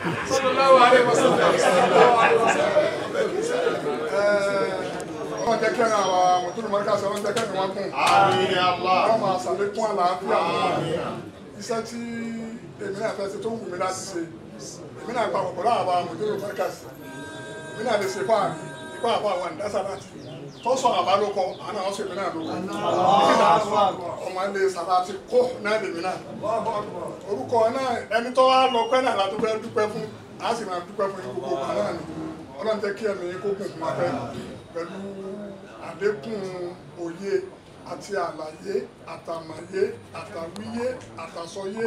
ọmọ jẹ kẹrin àwọn mọtòlù mọríkà sọ wọn jẹ kẹrin wọn kún wọn máa ṣàlékún àlàáfíà iṣẹ́ tí èmi náà fẹ́ ṣe tó wù mí láti ṣe èmi náà gbà wọpọ láwọn àwọn mọtòlù mọríkà sí èmi náà lè ṣe fún àmì ìkọ àbọ àwọn àdásà láti fi tó sọ bàbá ló kọ àná àwọn sèmi náà ló kọ ọmọ ilé sàrà ti kó náà lèmi náà orúkọ náà ẹni tó wá lọ pẹ́ náà la tó fẹ́ dúpẹ́ fún a sì máa dúpẹ́ fún gbogbo náà ni ọlọ́run jẹ́ kí ẹ̀mí kó gùn fún wa pẹ̀lú àdékùn òye àti àlàyé àtàmàyé àtàwíyé àtàsọyé.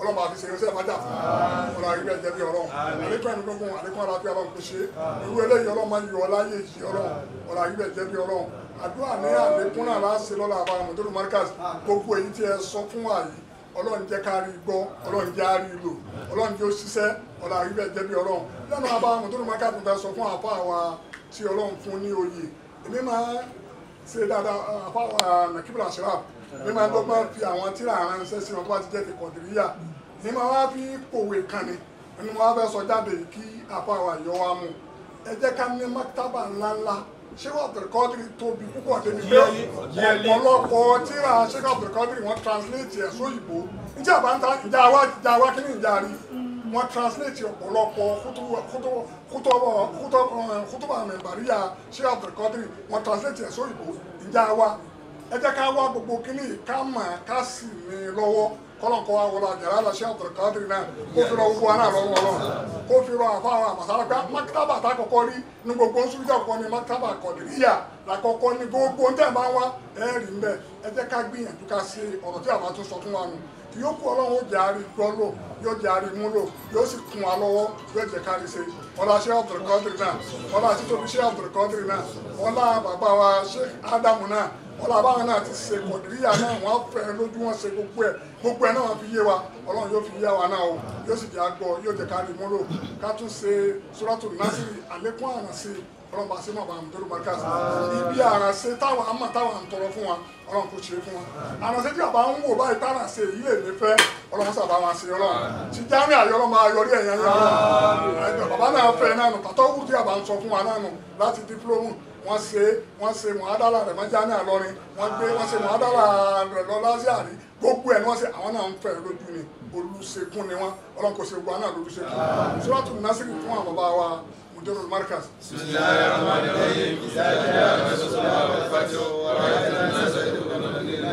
ọlọ́mọ àfi ṣe irinṣẹ́ ìbájà fún ọlọ́mọ àríwá ẹ̀jẹ̀ bí ọlọ́run àlékún ẹ̀mí gbogbo àlékún aláfíà bá ń pè ṣe irú eléyìí ọlọ́mọ yìí ọláyé yìí ọlọ́run ọlọ́mọ àríwá ẹ̀jẹ̀ bí ọlọ́run àdúrà ní àlékún náà láṣẹ lọ́la àbára mọ̀tòlù markaz gbogbo èyí tí ẹ sọ fún wa yìí ọlọ́run jẹ́ ká rí gbọ́ ọlọ́run jẹ́ á rí lò ọlọ́run jẹ́ ó ṣiṣẹ́ ọlọ́run àríwá ẹ̀jẹ̀ bí ọlọ́run lẹ́nu àbára mọ̀tòlù markaz tó fẹ́ sọ fún àfa àwa tí ọlọ́run fún ní oyè èmi máa ṣe dáadáa àfa àwa nàkíbìlà ṣẹ́ráàpù ní máa dọ́gbọ́n fi àwọn tíra ránṣẹ́ sí wọn bó bá ti jẹ́ ti kọ̀dìríyà ní máa wá fi kòwé kan ni ẹni máa fẹ́ sọ jáde kí apá wa yọ wa mú ẹ jẹ́ ká ní mákítábà ńláńlá ṣéwà Abdulkadir tóbi púpọ̀ débi pé ọ̀pọ̀lọpọ̀ tíra ṣéwà Abdulkadir wọ́n translate ẹ̀ sóyìnbó ìjà bá ń ta ìjà wa ìjà wa kí ni ìjà rí wọ́n translate ọ̀pọ̀lọpọ̀ kútọ́bà mẹ̀bàríyà ṣéwà Abdulkadir wọ́n translate ẹ̀ sóyìnbó ìjà wa ẹ ká wá gbogbo kínní ká mà ká sì ní lọ́wọ́ kọ́lọ́nkọ́ wa wọlé àjàrà lọ sí àtọ̀kọ́dìrì náà kó fi rọ gbogbo aná lọ́wọ́ ọlọ́run kó fi rọ àfa àwọn àmàsára pé mákítàbà tá kọ́kọ́ rí ní gbogbo oṣù jẹ́ ọ̀kọ́ ni mákítàbà kọ̀dìríyà làkọ́kọ́ gbogbo oúnjẹ máa ń wá ẹ̀ẹ́rì ń bẹ̀ ká gbìyànjú sọ fún wa yòókù ọlọ́run ó jẹ́ àárí gbọ́ lò yóò jẹ́ àárí mú lò yóò sì kún wa lọ́wọ́ yóò jẹ́ kárí ṣe ọlá ṣe Abdulkadir náà ọlá títóbi ṣe Abdulkadir náà ọlá bàbá wa ṣe Ádámù náà ọlá báwọn náà ti ṣe kọ̀dìríyà náà wọ́n fẹ́ lójú wọn ṣe gbogbo ẹ̀ gbogbo ẹ̀ náà fi yé wa ọlọ́run yóò fi yé wa náà o yóò sì jẹ́ àgbọ̀ yóò jẹ́ kárí mú lò ká tún ṣe ọlọ́run bá ṣe mọ̀ bá ń ibi àrànṣe táwọn àmọ̀ táwọn ń fún wa ọlọ́run kò ṣe fún wa àrànṣe tí bàbá ń wò báyìí táwọn àṣe èyí lè ní fẹ́ ọlọ́run sábà wọn ṣe ọlọ́run ti jáwé àyọ̀rọ̀ máa yọrí ẹ̀yẹ yẹn bàbá náà fẹ́ náà nù tàtọ́ wù tí bàbá ń sọ fún wa náà nù láti dípúlọ́mù wọ́n ṣe wọ́n ṣe mọ̀ádàlà rẹ̀ wọ́n jáwé àlọ́rin wọ́n gbé wọ́n ṣe mọ̀ádàlà rẹ̀ lọ lásìá rí gbogbo ẹ̀ ni wọ́n ṣe àwọn náà ń fẹ́ lójú ni olùṣègùn ni wọ́n ọlọ́run kò ṣe gbọ́ náà lójúṣe kí wọ́n tún násìrì fún àwọn bàbá wa مدير المركز بسم الله الرحمن الرحيم إذا جاء نصر الله والفتح ورأيت الناس يدخلون في دين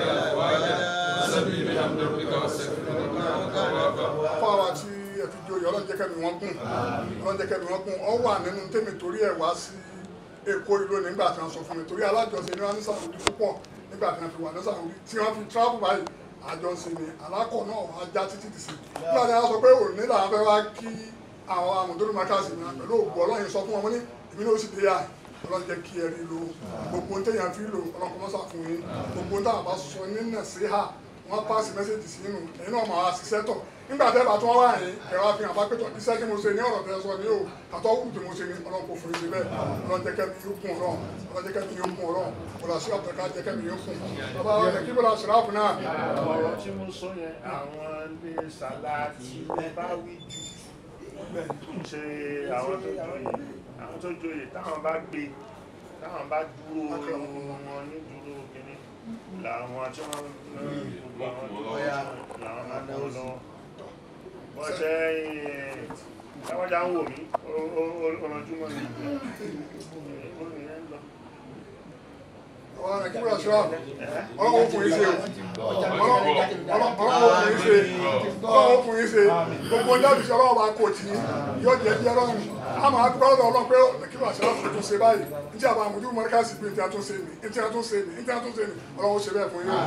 فسبح بحمد ربك واستغفر fáwọn tí ẹ fi joyè ọlọ́run jẹ́ kẹ́mi wọ́n gùn ọlọ́run jẹ́ kẹ́mi wọ́n ọ wà nínú tèmi torí wá sí èkó ìlú nígbà tí wọ́n sọ fún mi torí alájọsẹ ní wọn ní sàwùdí púpọ̀ nígbà tí wọ́n fi wà ní sàwùdí tí wọ́n fi travel báyìí àjọsẹ ni alákọ̀ náà wà já títí dìsí nígbà tí wọ́n sọ pé òní làwọn fẹ́ wá kí àwọn amòdúró makasi mi pẹ̀lú ògbó ọlọ́yin sọ fún wọn ní èmi náà ó sì dé yà ọlọ́run jẹ́ kí ẹ rí lo gbogbo téèyàn fi lò ọlọ́run kọ́mọ́sà fún yín gbogbo táwọn bá sọ nínà sí hà wọ́n pàṣẹ mẹ́sẹ̀jì sínú ẹ̀yin náà máa ṣiṣẹ́ tọ̀ nígbà tẹ́ bá tún wá rìn ẹ̀rọ àfihàn bá pẹ̀tọ̀ iṣẹ́ tí mo ṣe ní ọ̀rọ̀ tẹ́ sọ ní o àtọ́ òkú tí mo ṣe ní ọlọ́run kò fòye síbẹ̀ ọlọ́run jẹ́ kẹ́mi yóò kún ọlọ́run ọlọ́run jẹ́ kẹ́mi yóò kún ọlọ́run bọ́lá sí ọ̀pẹ̀ká jẹ́ kẹ́mi yóò kún bàbá rẹ̀ kí bọ́lá ṣìlá fún náà. ọ̀rọ̀ tí mo sọ yẹn àwọn ilé sàlá ti bá wí ju ṣe àwọn tó joyè àwọn tó joyè táwọn bá gbé táwọn bá dúró wọn ní dúró kínní làwọn tí wọ́n làwọn máa kó wọ́n ṣe táwọn já ń wò mí ó ranjú mọ́ ọ̀rọ̀ nàìjíríà ṣọ́ ọlọ́wọ́ fún yín ṣe ọlọ́wọ́ fún yín ṣe ọlọ́wọ́ fún yín ṣe gbogbo ní àbíṣe ọlọ́wọ́ bá kò tí yóò jẹ́ bí ọlọ́run a máa dúpẹ́ lọ́dọ̀ ọlọ́run pé nàìjíríà ṣọ́ ọlọ́run tó ṣe báyìí níjà bá àmójú mọ́ríkàsì pé ìtìyà tó ṣe ní ìtìyà tó ṣe ní ìtìyà tó ṣe ní ọlọ́wọ́ ṣe bẹ́ẹ̀ fún yín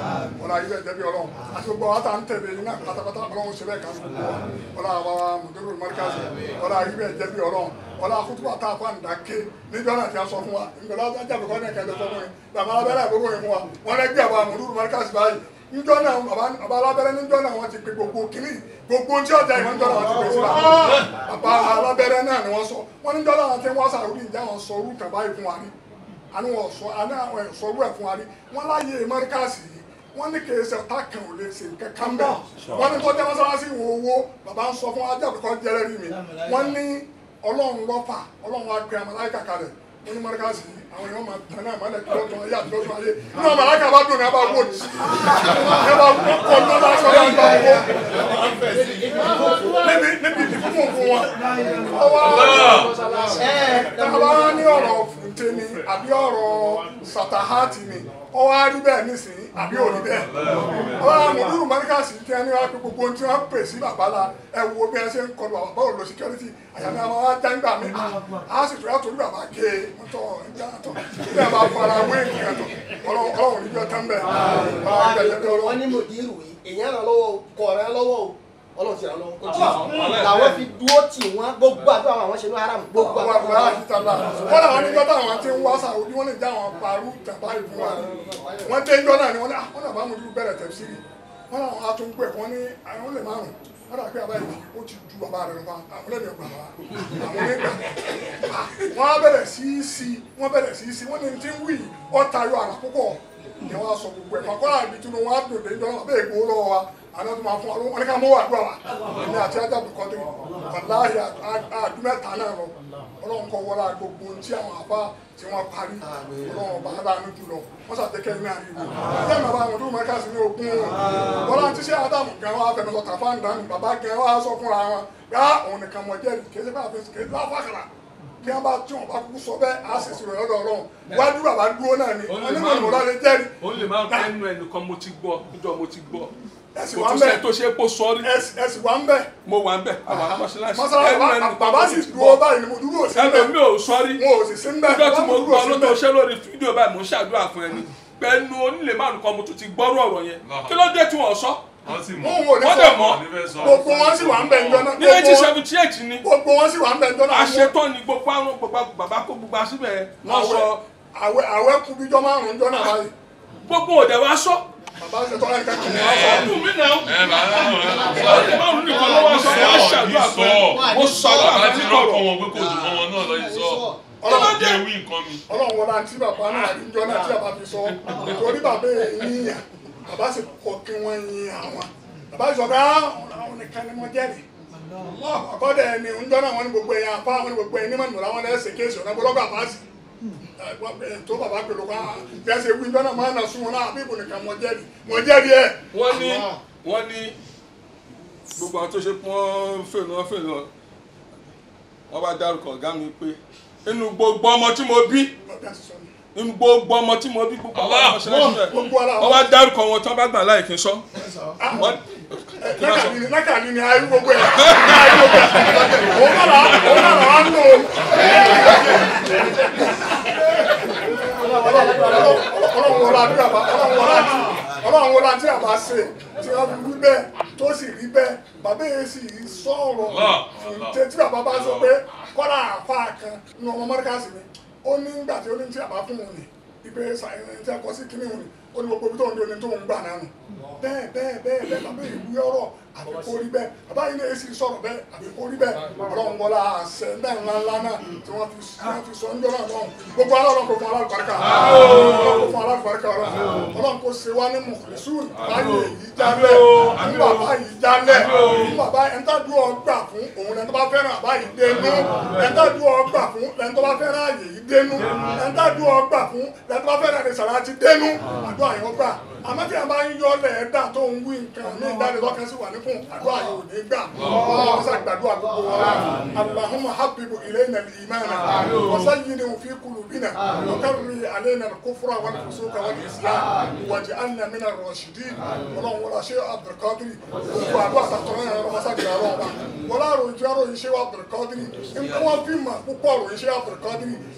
ọ̀la yìí bẹ́ẹ̀ jẹ́bi ọlọ́run àti gbogbo àwọn àtàn yín náà pátápátá ọlọ́run ṣe bẹ́ẹ̀ kan ọ̀la àwọn àmójú mọ́ríkàsì ọ̀la yìí bẹ́ẹ̀ jẹ́bi ọlọ́run ọ̀la kútùbà tá a fa nìdá ké níjọ́ náà ti a sọ fún wa ìgbàlá ọba jàbẹ̀ kọ́ ní ẹ̀kẹ́ ẹ̀jẹ̀ sọ fún yẹn bàbá alábẹ́rẹ́ àgbègbè yẹn fún wa wọn lẹ́gbẹ́ àbá àmúlùú mọ́ríkàsì báyìí níjọ́ náà bàbá alábẹ́rẹ́ níjọ́ náà wọ́n ti pe gbogbo kínní gbogbo tí ọjà ìwọ̀n níjọ́ náà wọ́n ti pe síbà bàbá alábẹ́rẹ́ náà ni wọ́n sọ wọ́n níjọ́ náà ti wọ́n sọ wọ́n ní kìí ọ̀tá kan ò lè ṣe nǹkan kan bẹ́ẹ̀ wọ́n ní kọjá mọ́sálásí wo owó bàbá ń sọ fún ajábìkọ́ jẹ́rẹ́rì mi wọ́n ní ọlọ́run lọ́fà ọlọ́run wa gbé amalaika kalẹ̀ wọ́n ní mọ́ríkà sí àwọn èèyàn máa tán náà mọ́lẹ̀ kílọ̀ tán yá kílọ̀ tán ayé inú amalaika bá dùn ní abá wò ní ẹ bá wò kọ́ ní ọba sọ yá gbà wò níbi níbi ìdìbò fún wọn. ọwọ́ táwa ní ọ̀rọ̀ fùntẹ́ni àbí ọ̀rọ̀ sàtàhátì ni. ó wá rí bẹ́ẹ̀ nísìnyí àbí ò rí bẹ́ẹ̀ ó wá mùdúrù mọ́ríkàsì tí wọ́n wá pé gbogbo tí wọ́n pè sí bàbá la bí ṣe ń kọlu báwo lo security àwọn wá já nígbà mi a sì tó yàtọ̀ nígbà bá gé e tọ́ ẹja bá fara wé ọ ọlọ́run ti ràn lọ́wọ́ kó jìnnà làwọn fi dúró tì wọ́n gbogbo àti àwọn àwọn ṣe ní haram gbogbo àwọn àwọn àwọn àtìta náà wọ́n làwọn níjọ́ táwọn ti ń wá sàwọ́ bí wọ́n lè já àwọn parú jàmbá ìfún wa wọ́n dé njọ́ náà ni wọ́n ní àwọn ah, àbá mojú bẹ̀rẹ̀ tẹ̀ sí i wọ́n làwọn atúngbò ẹ̀kọ́ ní àwọn lè márùn wọ́n dàgbé àbá yìí ó ti ju bàbá rẹ̀ nípa àwọn lẹ́nu ẹ̀gbà wa àwọn onígbà wọ́n bẹ̀rẹ̀ sí í sí wọ́n bẹ̀rẹ̀ sí í sí wọ́n ní ti ń wí ọ̀tayọ̀ àrà púpọ̀ tí wọ́n á dòde àná tó máa fún wa wọn ní ká mọ wà dúrà wa ní àti ajá tó kọ́ndé wàláhì àdúmẹ́ta náà lọ ọlọ́run kọ́ wọlé gbogbo tí àwọn àbá tí wọ́n parí ọlọ́run ọba aláàánú jùlọ wọ́n ṣàtẹ́kẹ́ ní àríwó ẹgbẹ́ bàbá àwọn tó mẹ́ka sí ní ogun wọn láti ṣe ádámù gan wa fẹnu sọ tàfà ń dánù bàbá gan wa sọ fúnra wọn gbá ah, òun nìkan mọ jẹ́rìí kí ẹsẹ̀ bá fi kí ẹsẹ̀ bá fàkàrà bí wọn bá tí wọn bá kú sọ bẹ́ẹ̀ á sì sọ̀rọ̀ lọ́dọ̀ ọlọ́run wájú bàbá dúró náà ni onímọ̀ ìmọ̀lá lè jẹ́rìí. ó lè má bẹ́ẹ̀ nù ẹnìkan mo ti gbọ́ ẹsì wà ń bẹ tó ṣe kó sọrí ẹsì wà ń bẹ mo wà ń bẹ àwọn mọ́ṣáláṣí mọ́ṣáláṣí bàbá sì dúró báyìí ni mo dúró sí ń bẹ ẹlòmíì ò sọrí mo ò sì sí ń bẹ ìjọ tí mo gbọ́ lọ́dọ̀ ṣẹ́ lórí fídíò báyìí mo ń ṣàdúrà fún ẹni pẹ̀lú onílé márùn kan mo tún ti gbọ́rọ̀ ọ̀rọ̀ yẹn kí ló dé tí wọ́n sọ wọ́n dẹ̀ mọ́ gbogbo wọn sì wà ń bẹ ǹjọ́ náà ní eighteen seventy eight ni gbogbo wọn sì wà ń bẹ ǹjọ́ náà àṣetọ́ ni gbogbo àwọn gbogbo bàbá kó gbogbo àṣìbẹ̀ wọ́n sọ àwẹ̀ àwẹ̀ márùn-ún jọ́ náà ah. báyìí gbogbo òde wa sọ bàbá ṣe tọ́lá nìkan kìnìún wá sọ. ẹ̀ẹ́dùn mi náà. ẹ bàbá sì kọ kí wọ́n yin àwọn bàbá sọ àwọn nìkan ni wọ́n jẹ́rìí ọkọ̀ dẹ̀ ni ń jọ náà wọ́n ní gbogbo ẹ̀yà apá wọn ní gbogbo ẹ̀yà nímọ̀ nù láwọn lẹ́sẹ̀ kéésì ọ̀nà gbọ́dọ̀ bàbá sì tó bàbá pèlú ká gẹ́sẹ̀ wí lọ́nà máa nà sún wọn náà àbí ìbùnì kan mọ̀jẹ́rì mọ̀jẹ́rì ẹ̀. wọ́n ní wọ́n ní gbogbo àwọn tó ṣe pọ́n fèrè wọn wọ́n bá dárúkọ ọ̀gá mi pé inú gbogbo ọmọ tí mo bí inú gbogbo ọmọ tí mo bí gbogbo ọmọ ṣẹlẹ̀ ṣẹlẹ̀ wọ́n bá dárúkọ wọn tí bá gbà láì kí n sọ lákàní ni ayé gbogbo ẹ̀ ayé gbogbo ẹ̀ òun náà òun náà á lò ó ọlọ́run wọlá àdúrà bá ọlọ́run wọlá àti ọlọ́run wọlá àti àbá ṣe tí wọ́n fi wí bẹ́ẹ̀ tó sì rí bẹ́ẹ̀ bàbá yẹn sì sọ̀rọ̀ fìdí tí bàbá bá sọ pé kọ́lá àfa kan ní ọmọ mọ́ríkà sí ni ó ní gbàtí ó ní tí àbá fún òun ni ìgbé sàyẹn tí a kọ́ sí kíní òun ni ó ní gbogbo ibi tó ń dún ní tó ń gbà nánu bẹ́ẹ̀ bẹ́ẹ̀ bẹ́ẹ̀ bẹ́ẹ̀ bàbá yìí wúyọ́ ọ̀rọ̀ àfi kó rí bẹ́ẹ̀ bàbá yìí náà èsì sọ̀rọ̀ bẹ́ẹ̀ àfi kó rí bẹ́ẹ̀ ọlọ́run wọlá àṣẹ náà ńláńlá náà tí wọ́n fi sọ ń dọ́là náà gbogbo aláwọ̀ kò fún alábàárikà ọlọ́run kò fún alábàárikà ọlọ́run kò ṣe wá ní mùkùlẹ́sùn báyìí yìí jálẹ̀ ní bàbá yìí jálẹ̀ ní bàbá ẹ̀ńtà dúró ọgbà fún òun lẹ́ńtà bá fẹ́ràn àbá yìí dénú ẹ̀ńtà dúró ọgbà fún lẹ́ńtà bá fẹ́ràn àyè yìí dénú ẹ̀ńtà dúró ọgbà fún lẹ́ńtà bá fẹ́ràn àdìsàrà ti dénú àdúrà on, you won't cry. àmọ́ tí a bá ń yọ ọlẹ̀ ẹ̀dá tó ń wí nǹkan ní ìdánilọ́kàn sí wà níkùn àdúrà yóò ní gbà ọlọ́run sá gbàdúrà gbogbo wa Allahumma habibu ilayna al-imana wa sayyidhu fi qulubina wa karri alayna al-kufra wal-fusuqa wal-islam waj'alna min ar-rashidin ọlọ́run wọlá ṣé Abdulkadir gbogbo àdúrà sàtọ́rọ̀ yẹn lọ́mọ sá gbàrọ̀ wa wọlá ròyìn ròyìn ṣé Abdulkadir nǹkan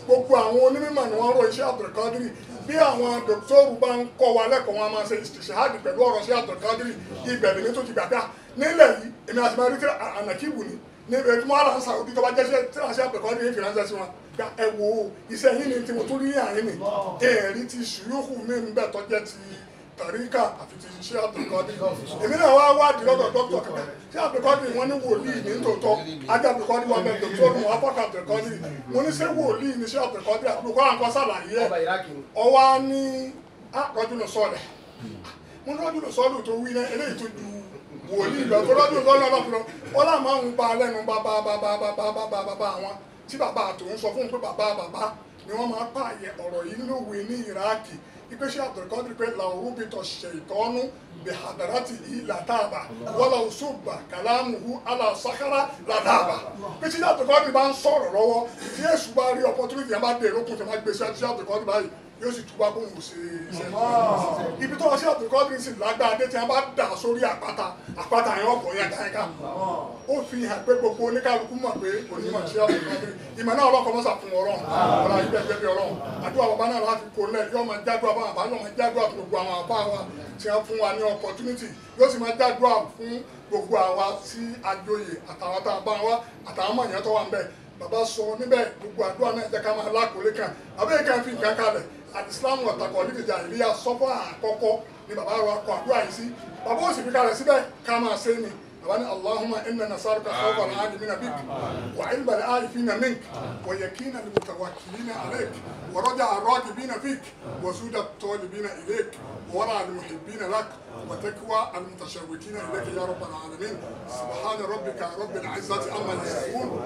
gbogbo àwọn onímọ̀ ni wọ́n bí àwọn dòkítọ́rù bá ń kọ́ wa lẹ́kọ̀ọ́ wọn máa ṣe ṣèṣáàdì pẹ̀lú ọ̀rọ̀ sí àtọ̀ kádìrì ibẹ̀ lèmi tó ti gbàgbà nílẹ̀ yìí èmi àti máa rí tíra ànàkíwù ni níbi ẹtí wọn àlàáfíà òbí tó bá jẹ́ tíra sí àtọ̀ kádìrì èmi ránṣẹ́ sí wọn gba ẹ wo iṣẹ́ yín ni tí mo tún rí àyín ni ẹ̀rí ti ṣùyókù mi ń bẹ̀ tọ́jẹ́ ti tàríkà àti ti ṣe àtọ̀kọ́dé èmi náà wá wádìí lọ́dọ̀ dókítà kẹta ṣé àtọ̀kọ́dé wọn ní wòlíì ní tòótọ́ ajá àtọ̀kọ́dé wọn bẹ dòkítọ́rù wọn fọ́ọ̀kà àtọ̀kọ́dé mo ní ṣé wòlíì ní ṣé àtọ̀kọ́dé àtọ̀kọ́ àǹkọ́ sàlàyé ẹ̀ ọwá ní àkọ́jú lọ sọ̀rẹ̀ mo lọ́dún lọ sọ́dún tó wí náà eléyìí tó ju wòlíì lọ tó lọ́dún lọ́dún lọ́dún lọ́dún wọn là máa ń pa lẹ́nu bàbá bàbá bàbá bàbá bàbá àwọn tí bàbá àtòun sọ fún un pé bàbá bàbá ni wọ́n máa pààyè ọ̀rọ̀ yìí lówe ní Iraki ipe ṣe àtọ̀kọ́dì pé làwọn bí tọ̀ ṣe ìtọ́nú bí hadarati yìí làtàbà wọ́lá òṣùbà kàlámùhù aláṣàkárà làtàbà pé ṣe àtọ̀kọ́dì bá ń sọ̀rọ̀ lọ́wọ́ tí èṣù bá rí opportunity yẹn bá dé lókun tí wọ́n gbé ṣe àtọ̀kọ́dì báyìí yóò sì túbọ̀ bóun ò ṣe iṣẹ́ ibi tó wọ́n ṣe àbùkọ́dún sì lágbára dé tí a bá dà sórí àpáta àpáta yẹn ọkọ̀ yẹn dáríkà ó fi hàn pé gbogbo oníkálukú mọ̀ pé onímọ̀ ṣe àbùkọ́dún ìmọ̀ náà ọlọ́kọ̀ mọ́sà fún ọlọ́run ọ̀la ibẹ̀ gbẹ̀bí ọlọ́run àdúrà bàbá náà láti kó lẹ̀ yóò máa jádùá bá àbá yóò máa jádùá fún gbogbo àwọn àbá wa tí wọ́n fún wa ní opportunity yóò sì máa jádùá fún gbogbo àwa sí àjòyè àtàwọn tá a bá wa àtàwọn mọ̀ yẹn tó wà ń bẹ̀ bàbá sọ níbẹ̀ gbogbo àdúrà náà jẹ́ ká máa lákòólé kan àbẹ́yẹ kan fi nǹkan kalẹ̀ àti islam ọ̀tàkọ̀ ní ìjà ìlíyà sọ́fọ́ àkọ́kọ́ ni bàbá wa kọ àdúrà yìí sí bàbá ó sì fi kalẹ̀ síbẹ̀ ká máa ṣe ni bàbá ní allahumma inna nasaruka sọ́fọ́ ní adi mina bik wa ilba ní adi fina mink wa yakina ní mutawakilina alek wa rọjà arọ́ọ̀dì bina fik wa suda tọ́ọ̀dì bina ilek wa wàrà alimuhibina lak وتكوى المتشوتين اليك يا رب العالمين سبحان ربك رب العزه عما يصفون